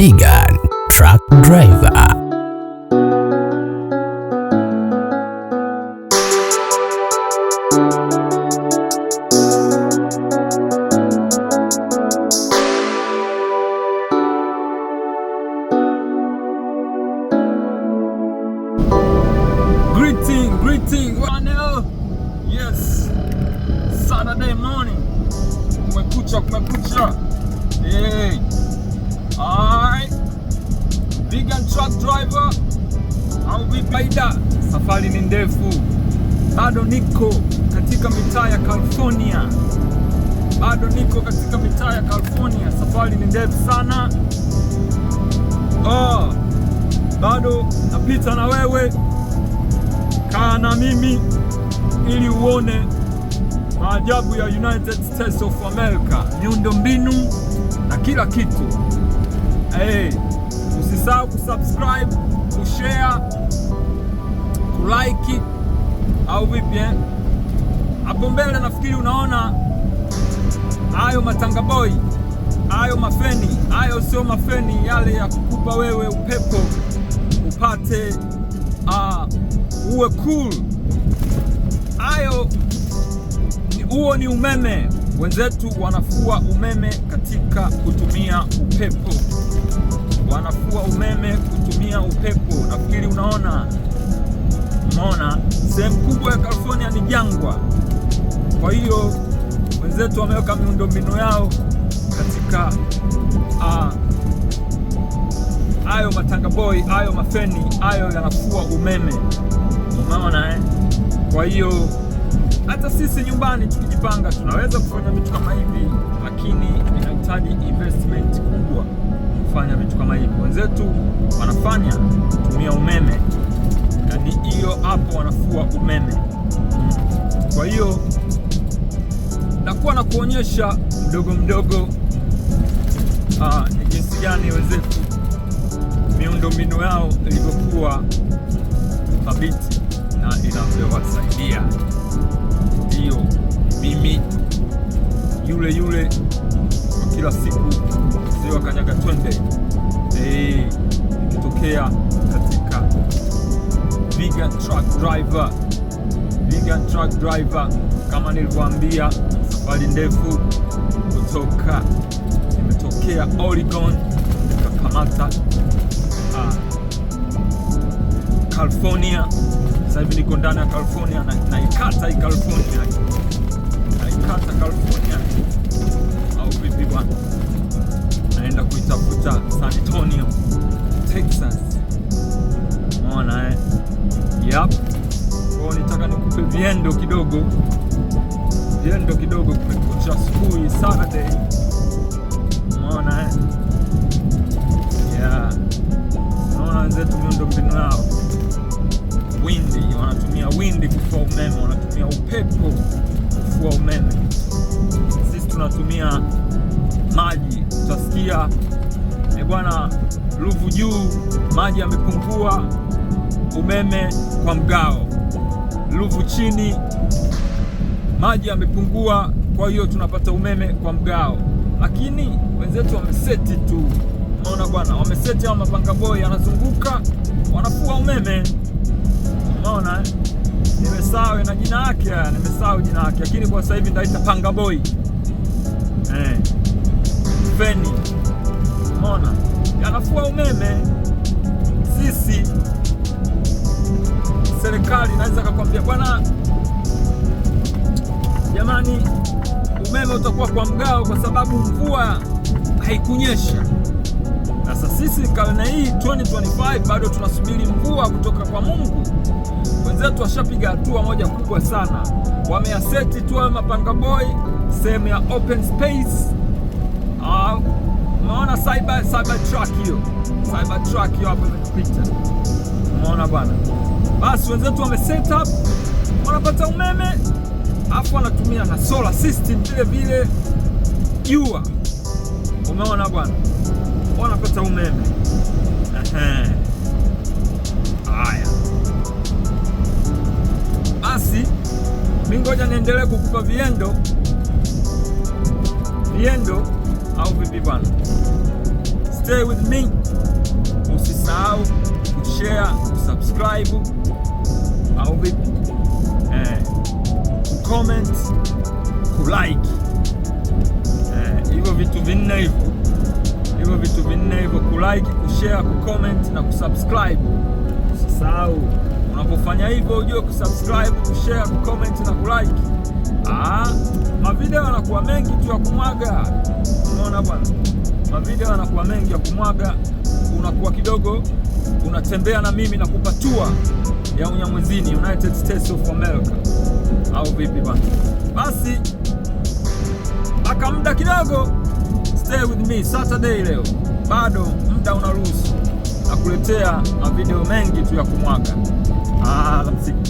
Vegan Truck Driver. Greeting, greeting. Yes. Saturday morning. Kumekucha, kumekucha. Hey. Alright. Vegan truck driver au vipaida, safari ni ndefu. Bado niko katika mitaa ya California, bado niko katika mitaa ya California. Safari ni ndefu sana. Oh, bado napita na wewe, kaa na mimi ili uone maajabu ya United States of America, miundo mbinu na kila kitu. Hey, usisahau kusubscribe, kushare, kulike au vipi eh? Hapo mbele nafikiri unaona hayo matangaboi, hayo mafeni, hayo sio mafeni yale ya kukupa wewe upepo upate uh, uwe cool. Hayo huo ni umeme. Wenzetu wanafua umeme katika kutumia upepo. kubwa ya California ni jangwa. Kwa hiyo wenzetu wameweka miundombinu yao katika ah, hayo uh, matangaboi hayo mafeni hayo yanafua umeme, unaona eh? Kwa hiyo hata sisi nyumbani tukijipanga tunaweza kufanya vitu kama hivi, lakini inahitaji investment kubwa kufanya vitu kama hivi. Wenzetu wanafanya kutumia umeme ni hiyo hapo wanafua umeme. Kwa hiyo nakuwa na kuonyesha mdogo mdogo ah, ni jinsi gani wenzetu miundombinu yao ilivyokuwa thabiti na inavyowasaidia. Ndiyo mimi yule yule kila siku ziwa kanyaga twende driver, vegan truck driver. Kama nilikuambia safari ndefu kutoka nimetokea Oregon nikakamata uh, California. Sasa hivi niko ndani ya California na naikata California, naikata California kidogo kidogo, kumekucha asubuhi Saturday, unaona eh? Yeah, unaona wenzetu miundo mbinu yao windi, wanatumia windi kufua umeme, wanatumia upepo kufua umeme. Sisi tunatumia maji. Utasikia e, bwana Ruvu juu maji yamepungua, umeme kwa mgao. Ruvu chini maji yamepungua, kwa hiyo tunapata umeme kwa mgao. Lakini wenzetu wameseti tu, unaona bwana, wameseti hao mapanga boy yanazunguka, wanafua umeme, unaona nimesahau na jina yake, nimesahau jina yake, lakini kwa sasa hivi ndaita panga boy eh, feni, unaona yanafua umeme. Sisi serikali inaweza kakwambia bwana jamani, umeme utakuwa kwa mgao kwa sababu mvua haikunyesha. Sasa sisi karne hii 2025 bado tunasubiri mvua kutoka kwa Mungu. Wenzetu washapiga hatua moja kubwa sana, wameaseti tu hayo mapanga boy sehemu ya open space. Uh, umeona cyber cyber truck hiyo, cyber truck hiyo hapo imetupita, umeona bwana. Basi wenzetu wame set up wanapata umeme afu anatumia na solar system vile vile jua. Umeona bwana, wanapata umeme. Haya basi, mi ngoja niendelee kukupa viendo viendo, au vipi bwana? Stay with me, usisahau kushare, kusubscribe au vipi eh? kucomment, kulike. Eh, hivyo vitu vinne hivyo hivyo vitu vinne hivyo: kulike, kushare, kucomment na kusubscribe. Usisahau unapofanya hivyo ujue kusubscribe, kushare, kucomment na kulike. Ah, mavideo yanakuwa mengi tu ya kumwaga. Unaona bwana, mavideo yanakuwa mengi ya kumwaga, unakuwa kidogo unatembea na mimi na kupatua ya Unyamwezini, United States of America au vipi bwana? Basi mpaka muda kidogo, stay with me. Saturday leo bado muda unaruhusu, nakuletea mavideo mengi tu ya kumwaga. Ah,